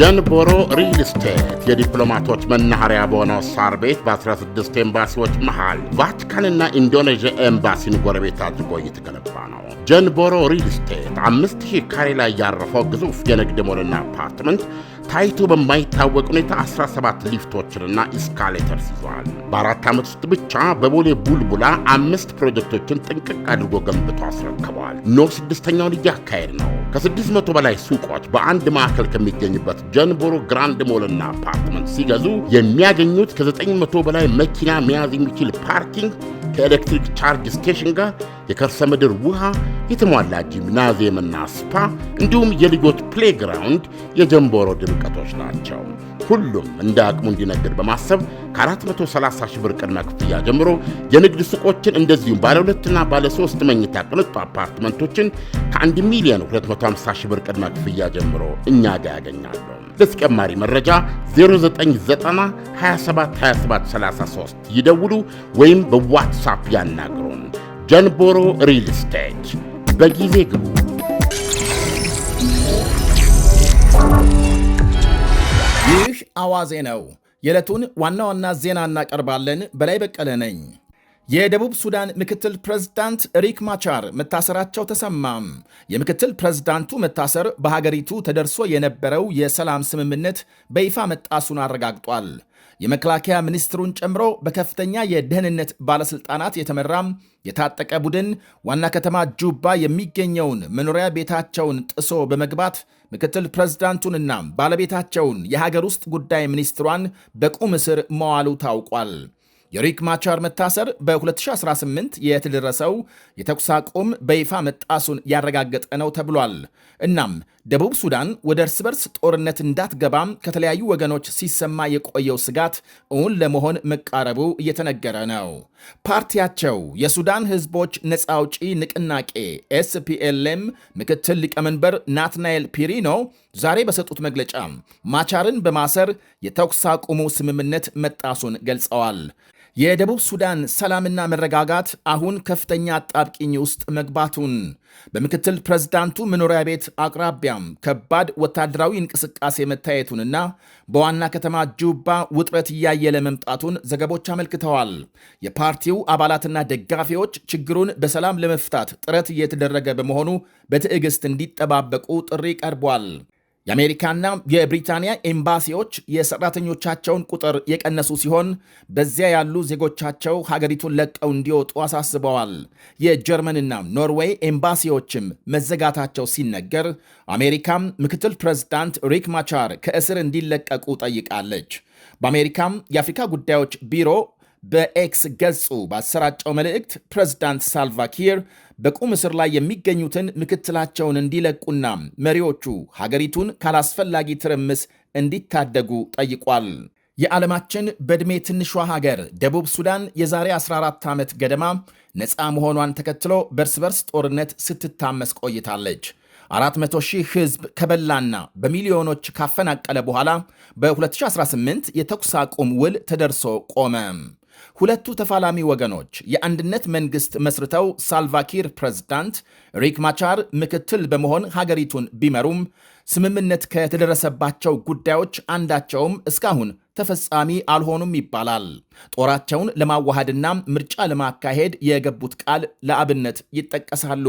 ጀንቦሮ ሪል ስቴት የዲፕሎማቶች መናኸሪያ በሆነው ሳር ቤት በ16 ኤምባሲዎች መሃል ቫቲካንና ኢንዶኔዥያ ኤምባሲን ጎረቤት አድርጎ እየተገነባ ነው። ጀንቦሮ ሪል ስቴት 5000 ካሬ ላይ ያረፈው ግዙፍ የንግድ ሞልና አፓርትመንት ታይቶ በማይታወቅ ሁኔታ 17 ሊፍቶችንና ኢስካሌተርስ ይዘዋል። በአራት ዓመት ውስጥ ብቻ በቦሌ ቡልቡላ አምስት ፕሮጀክቶችን ጥንቅቅ አድርጎ ገንብቶ አስረክቧል። ኖር ስድስተኛውን እያካሄድ ነው። ከ600 በላይ ሱቆች በአንድ ማዕከል ከሚገኝበት ጀንቦሮ ግራንድ ሞልና አፓርትመንት ሲገዙ የሚያገኙት ከ900 በላይ መኪና መያዝ የሚችል ፓርኪንግ ከኤሌክትሪክ ቻርጅ ስቴሽን ጋር የከርሰ ምድር ውሃ፣ የተሟላ ጂምናዚየምና ስፓ እንዲሁም የልጆች ፕሌግራውንድ የጀንቦሮ ድምቀቶች ናቸው። ሁሉም እንደ አቅሙ እንዲነግድ በማሰብ ከ430 ሺህ ብር ቅድመ ክፍያ ጀምሮ የንግድ ሱቆችን እንደዚሁም ባለ ሁለትና ባለ ሶስት መኝታ ቅንጡ አፓርትመንቶችን ከ1 ሚሊዮን 250 ሺህ ብር ቅድመ ክፍያ ጀምሮ እኛ ጋር ያገኛሉ። ለተጨማሪ መረጃ 09972733 ይደውሉ ወይም በዋትሳፕ ያናግሩን። ጀንቦሮ ሪል ስቴት በጊዜ ግቡ። ይህ አዋዜ ነው። የዕለቱን ዋና ዋና ዜና እናቀርባለን። በላይ በቀለ ነኝ። የደቡብ ሱዳን ምክትል ፕሬዝዳንት ሪክ ማቻር መታሰራቸው ተሰማ። የምክትል ፕሬዝዳንቱ መታሰር በሀገሪቱ ተደርሶ የነበረው የሰላም ስምምነት በይፋ መጣሱን አረጋግጧል። የመከላከያ ሚኒስትሩን ጨምሮ በከፍተኛ የደህንነት ባለሥልጣናት የተመራ የታጠቀ ቡድን ዋና ከተማ ጁባ የሚገኘውን መኖሪያ ቤታቸውን ጥሶ በመግባት ምክትል ፕሬዝዳንቱንና ባለቤታቸውን የሀገር ውስጥ ጉዳይ ሚኒስትሯን በቁም እስር መዋሉ ታውቋል። የሪክ ማቻር መታሰር በ2018 የተደረሰው የተኩስ አቁም በይፋ መጣሱን ያረጋገጠ ነው ተብሏል። እናም ደቡብ ሱዳን ወደ እርስ በርስ ጦርነት እንዳትገባም ከተለያዩ ወገኖች ሲሰማ የቆየው ስጋት እውን ለመሆን መቃረቡ እየተነገረ ነው። ፓርቲያቸው የሱዳን ሕዝቦች ነፃ አውጪ ንቅናቄ ኤስፒኤልኤም ምክትል ሊቀመንበር ናትናኤል ፒሪኖ ዛሬ በሰጡት መግለጫ ማቻርን በማሰር የተኩስ አቁሙ ስምምነት መጣሱን ገልጸዋል። የደቡብ ሱዳን ሰላምና መረጋጋት አሁን ከፍተኛ አጣብቂኝ ውስጥ መግባቱን በምክትል ፕሬዝዳንቱ መኖሪያ ቤት አቅራቢያም ከባድ ወታደራዊ እንቅስቃሴ መታየቱንና በዋና ከተማ ጁባ ውጥረት እያየለ መምጣቱን ዘገቦች አመልክተዋል። የፓርቲው አባላትና ደጋፊዎች ችግሩን በሰላም ለመፍታት ጥረት እየተደረገ በመሆኑ በትዕግስት እንዲጠባበቁ ጥሪ ቀርቧል። የአሜሪካና የብሪታንያ ኤምባሲዎች የሰራተኞቻቸውን ቁጥር የቀነሱ ሲሆን በዚያ ያሉ ዜጎቻቸው ሀገሪቱን ለቀው እንዲወጡ አሳስበዋል። የጀርመንና ኖርዌይ ኤምባሲዎችም መዘጋታቸው ሲነገር አሜሪካም ምክትል ፕሬዝዳንት ሪክ ማቻር ከእስር እንዲለቀቁ ጠይቃለች። በአሜሪካም የአፍሪካ ጉዳዮች ቢሮ በኤክስ ገጹ ባሰራጨው መልእክት ፕሬዝዳንት ሳልቫኪር በቁም እስር ላይ የሚገኙትን ምክትላቸውን እንዲለቁና መሪዎቹ ሀገሪቱን ካላስፈላጊ ትርምስ እንዲታደጉ ጠይቋል። የዓለማችን በዕድሜ ትንሿ ሀገር ደቡብ ሱዳን የዛሬ 14 ዓመት ገደማ ነፃ መሆኗን ተከትሎ በእርስ በርስ ጦርነት ስትታመስ ቆይታለች። 400 ሺህ ሕዝብ ከበላና በሚሊዮኖች ካፈናቀለ በኋላ በ2018 የተኩስ አቁም ውል ተደርሶ ቆመ። ሁለቱ ተፋላሚ ወገኖች የአንድነት መንግስት መስርተው ሳልቫኪር ፕሬዝዳንት፣ ሪክ ማቻር ምክትል በመሆን ሀገሪቱን ቢመሩም ስምምነት ከተደረሰባቸው ጉዳዮች አንዳቸውም እስካሁን ተፈጻሚ አልሆኑም ይባላል። ጦራቸውን ለማዋሃድና ምርጫ ለማካሄድ የገቡት ቃል ለአብነት ይጠቀሳሉ።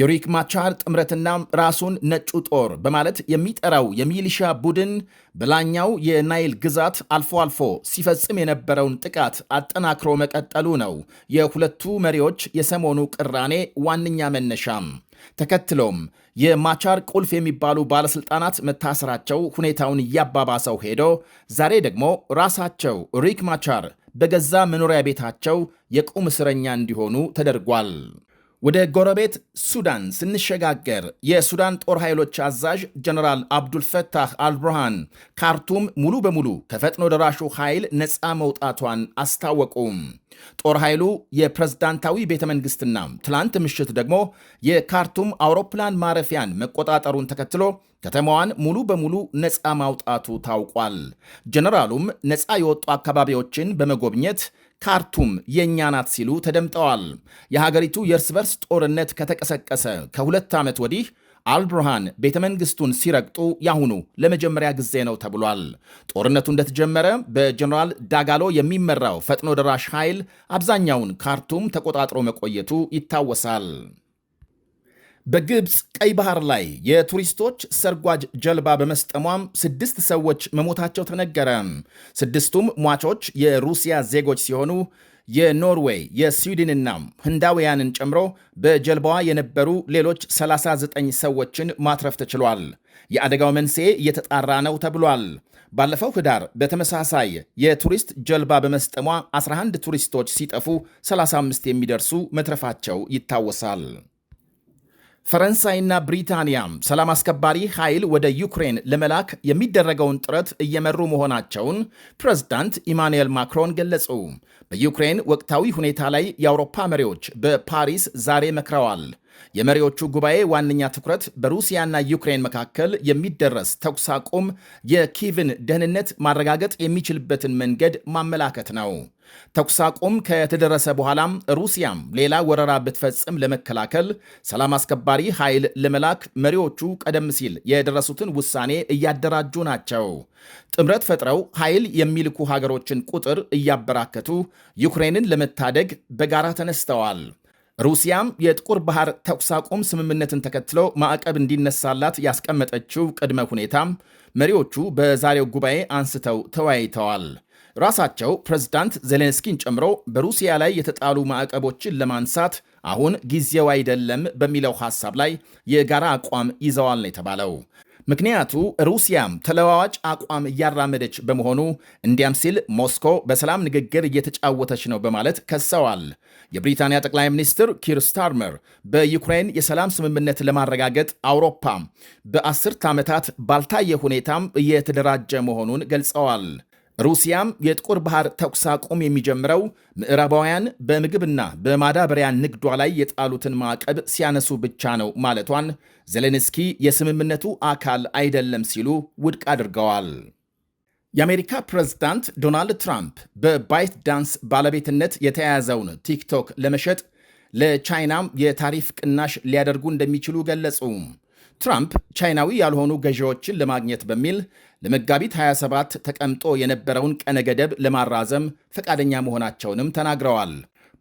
የሪክ ማቻር ጥምረትና ራሱን ነጩ ጦር በማለት የሚጠራው የሚሊሻ ቡድን በላይኛው የናይል ግዛት አልፎ አልፎ ሲፈጽም የነበረውን ጥቃት አጠናክሮ መቀጠሉ ነው የሁለቱ መሪዎች የሰሞኑ ቅራኔ ዋነኛ መነሻም። ተከትሎም የማቻር ቁልፍ የሚባሉ ባለሥልጣናት መታሰራቸው ሁኔታውን እያባባሰው ሄዶ ዛሬ ደግሞ ራሳቸው ሪክ ማቻር በገዛ መኖሪያ ቤታቸው የቁም እስረኛ እንዲሆኑ ተደርጓል። ወደ ጎረቤት ሱዳን ስንሸጋገር የሱዳን ጦር ኃይሎች አዛዥ ጀነራል አብዱልፈታህ አልብርሃን ካርቱም ሙሉ በሙሉ ከፈጥኖ ደራሹ ኃይል ነፃ መውጣቷን አስታወቁም። ጦር ኃይሉ የፕሬዝዳንታዊ ቤተ መንግስትና ትላንት ምሽት ደግሞ የካርቱም አውሮፕላን ማረፊያን መቆጣጠሩን ተከትሎ ከተማዋን ሙሉ በሙሉ ነፃ ማውጣቱ ታውቋል። ጀነራሉም ነፃ የወጡ አካባቢዎችን በመጎብኘት ካርቱም የእኛ ናት ሲሉ ተደምጠዋል። የሀገሪቱ የእርስ በርስ ጦርነት ከተቀሰቀሰ ከሁለት ዓመት ወዲህ አልብርሃን ቤተ መንግስቱን ሲረግጡ ያሁኑ ለመጀመሪያ ጊዜ ነው ተብሏል። ጦርነቱ እንደተጀመረ በጀኔራል ዳጋሎ የሚመራው ፈጥኖ ደራሽ ኃይል አብዛኛውን ካርቱም ተቆጣጥሮ መቆየቱ ይታወሳል። በግብፅ ቀይ ባህር ላይ የቱሪስቶች ሰርጓጅ ጀልባ በመስጠሟም ስድስት ሰዎች መሞታቸው ተነገረ። ስድስቱም ሟቾች የሩሲያ ዜጎች ሲሆኑ የኖርዌይ የስዊድንና ህንዳውያንን ጨምሮ በጀልባዋ የነበሩ ሌሎች 39 ሰዎችን ማትረፍ ተችሏል። የአደጋው መንስኤ እየተጣራ ነው ተብሏል። ባለፈው ህዳር በተመሳሳይ የቱሪስት ጀልባ በመስጠሟ 11 ቱሪስቶች ሲጠፉ 35 የሚደርሱ መትረፋቸው ይታወሳል። ፈረንሳይና ብሪታንያ ሰላም አስከባሪ ኃይል ወደ ዩክሬን ለመላክ የሚደረገውን ጥረት እየመሩ መሆናቸውን ፕሬዝዳንት ኢማኑኤል ማክሮን ገለጹ። በዩክሬን ወቅታዊ ሁኔታ ላይ የአውሮፓ መሪዎች በፓሪስ ዛሬ መክረዋል። የመሪዎቹ ጉባኤ ዋነኛ ትኩረት በሩሲያና ዩክሬን መካከል የሚደረስ ተኩስ አቁም የኪቭን ደህንነት ማረጋገጥ የሚችልበትን መንገድ ማመላከት ነው። ተኩስ አቁም ከተደረሰ በኋላም ሩሲያም ሌላ ወረራ ብትፈጽም ለመከላከል ሰላም አስከባሪ ኃይል ለመላክ መሪዎቹ ቀደም ሲል የደረሱትን ውሳኔ እያደራጁ ናቸው። ጥምረት ፈጥረው ኃይል የሚልኩ ሀገሮችን ቁጥር እያበራከቱ ዩክሬንን ለመታደግ በጋራ ተነስተዋል። ሩሲያም የጥቁር ባህር ተኩስ አቁም ስምምነትን ተከትሎ ማዕቀብ እንዲነሳላት ያስቀመጠችው ቅድመ ሁኔታ መሪዎቹ በዛሬው ጉባኤ አንስተው ተወያይተዋል። ራሳቸው ፕሬዝዳንት ዜሌንስኪን ጨምሮ በሩሲያ ላይ የተጣሉ ማዕቀቦችን ለማንሳት አሁን ጊዜው አይደለም በሚለው ሐሳብ ላይ የጋራ አቋም ይዘዋል ነው የተባለው። ምክንያቱ ሩሲያም ተለዋዋጭ አቋም እያራመደች በመሆኑ እንዲያም ሲል ሞስኮ በሰላም ንግግር እየተጫወተች ነው በማለት ከሰዋል። የብሪታንያ ጠቅላይ ሚኒስትር ኪር ስታርመር በዩክሬን የሰላም ስምምነት ለማረጋገጥ አውሮፓ በአስርት ዓመታት ባልታየ ሁኔታም እየተደራጀ መሆኑን ገልጸዋል። ሩሲያም የጥቁር ባህር ተኩስ አቁም የሚጀምረው ምዕራባውያን በምግብና በማዳበሪያ ንግዷ ላይ የጣሉትን ማዕቀብ ሲያነሱ ብቻ ነው ማለቷን ዜሌንስኪ የስምምነቱ አካል አይደለም ሲሉ ውድቅ አድርገዋል። የአሜሪካ ፕሬዝዳንት ዶናልድ ትራምፕ በባይት ዳንስ ባለቤትነት የተያያዘውን ቲክቶክ ለመሸጥ ለቻይናም የታሪፍ ቅናሽ ሊያደርጉ እንደሚችሉ ገለጹ። ትራምፕ ቻይናዊ ያልሆኑ ገዢዎችን ለማግኘት በሚል ለመጋቢት 27 ተቀምጦ የነበረውን ቀነ ገደብ ለማራዘም ፈቃደኛ መሆናቸውንም ተናግረዋል።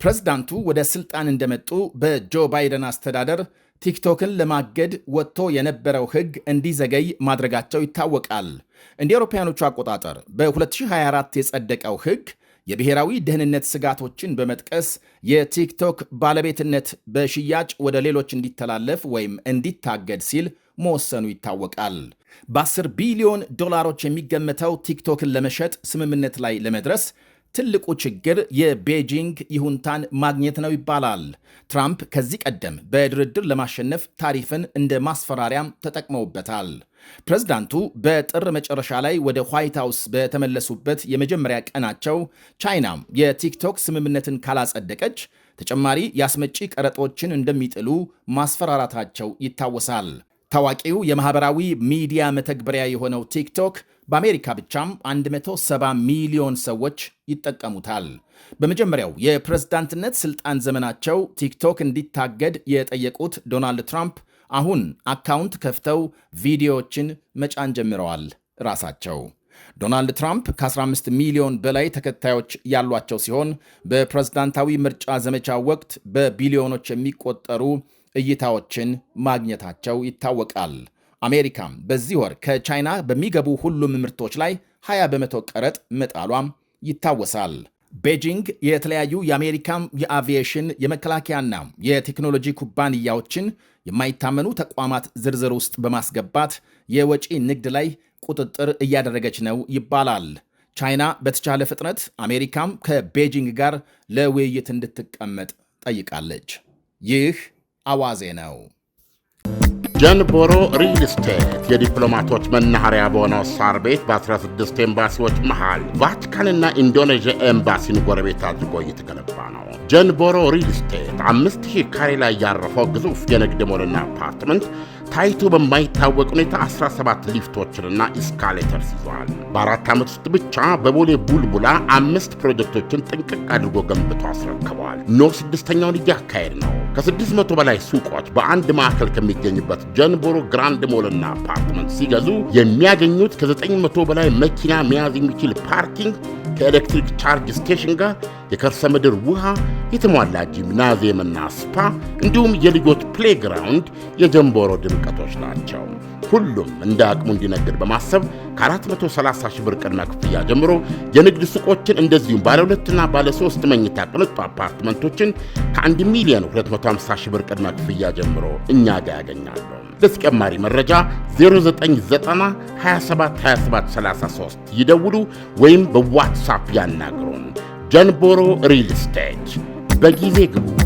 ፕሬዝዳንቱ ወደ ስልጣን እንደመጡ በጆ ባይደን አስተዳደር ቲክቶክን ለማገድ ወጥቶ የነበረው ሕግ እንዲዘገይ ማድረጋቸው ይታወቃል። እንደ አውሮፓውያኖቹ አቆጣጠር በ2024 የጸደቀው ሕግ የብሔራዊ ደህንነት ስጋቶችን በመጥቀስ የቲክቶክ ባለቤትነት በሽያጭ ወደ ሌሎች እንዲተላለፍ ወይም እንዲታገድ ሲል መወሰኑ ይታወቃል። በ10 ቢሊዮን ዶላሮች የሚገመተው ቲክቶክን ለመሸጥ ስምምነት ላይ ለመድረስ ትልቁ ችግር የቤጂንግ ይሁንታን ማግኘት ነው ይባላል። ትራምፕ ከዚህ ቀደም በድርድር ለማሸነፍ ታሪፍን እንደ ማስፈራሪያም ተጠቅመውበታል። ፕሬዝዳንቱ በጥር መጨረሻ ላይ ወደ ዋይት ሃውስ በተመለሱበት የመጀመሪያ ቀናቸው ቻይናም የቲክቶክ ስምምነትን ካላጸደቀች ተጨማሪ የአስመጪ ቀረጦችን እንደሚጥሉ ማስፈራራታቸው ይታወሳል። ታዋቂው የማህበራዊ ሚዲያ መተግበሪያ የሆነው ቲክቶክ በአሜሪካ ብቻም 170 ሚሊዮን ሰዎች ይጠቀሙታል። በመጀመሪያው የፕሬዝዳንትነት ስልጣን ዘመናቸው ቲክቶክ እንዲታገድ የጠየቁት ዶናልድ ትራምፕ አሁን አካውንት ከፍተው ቪዲዮዎችን መጫን ጀምረዋል ራሳቸው። ዶናልድ ትራምፕ ከ15 ሚሊዮን በላይ ተከታዮች ያሏቸው ሲሆን በፕሬዝዳንታዊ ምርጫ ዘመቻ ወቅት በቢሊዮኖች የሚቆጠሩ እይታዎችን ማግኘታቸው ይታወቃል። አሜሪካም በዚህ ወር ከቻይና በሚገቡ ሁሉም ምርቶች ላይ 20 በመቶ ቀረጥ መጣሏም ይታወሳል። ቤጂንግ የተለያዩ የአሜሪካም የአቪዬሽን የመከላከያና የቴክኖሎጂ ኩባንያዎችን የማይታመኑ ተቋማት ዝርዝር ውስጥ በማስገባት የወጪ ንግድ ላይ ቁጥጥር እያደረገች ነው ይባላል። ቻይና በተቻለ ፍጥነት አሜሪካም ከቤጂንግ ጋር ለውይይት እንድትቀመጥ ጠይቃለች። ይህ አዋዜ ነው። ጀንቦሮ ሪል ስቴት የዲፕሎማቶች መናኸሪያ በሆነው ሳር ቤት በ16 ኤምባሲዎች መሃል ቫቲካንና ኢንዶኔዥያ ኤምባሲን ጎረቤት አድርጎ እየተገነባ ነው። ጀንቦሮ ሪል ስቴት አምስት ሺህ ካሬ ላይ ያረፈው ግዙፍ የንግድ ሞልና አፓርትመንት ታይቶ በማይታወቅ ሁኔታ 17 ሊፍቶችንና ኢስካሌተርስ ይዘዋል። በአራት ዓመት ውስጥ ብቻ በቦሌ ቡልቡላ አምስት ፕሮጀክቶችን ጥንቅቅ አድርጎ ገንብቶ አስረክበዋል። ኖ ስድስተኛውን እያካሄድ ነው። ከ600 በላይ ሱቆች በአንድ ማዕከል ከሚገኝበት ጀንቦሮ ግራንድ ሞልና አፓርትመንት ሲገዙ የሚያገኙት ከ900 በላይ መኪና መያዝ የሚችል ፓርኪንግ ከኤሌክትሪክ ቻርጅ ስቴሽን ጋር የከርሰ ምድር ውሃ የተሟላ ጂምናዚየምና ስፓ እንዲሁም የልጆች ፕሌግራውንድ የጀንቦሮ ድምቀቶች ናቸው። ሁሉም እንደ አቅሙ እንዲነግድ በማሰብ ከ430 ሺህ ብር ቅድመ ክፍያ ጀምሮ የንግድ ሱቆችን እንደዚሁም ባለ ሁለትና ባለ ሶስት መኝታ ቅንጡ አፓርትመንቶችን ከ1 ሚሊዮን 250 ሺህ ብር ቅድመ ክፍያ ጀምሮ እኛ ጋር ያገኛሉ። ለተጨማሪ መረጃ 0990272733 ይደውሉ ወይም በዋትሳፕ ያናግሩን። ጀንቦሮ ሪል ስቴት በጊዜ ግቡ።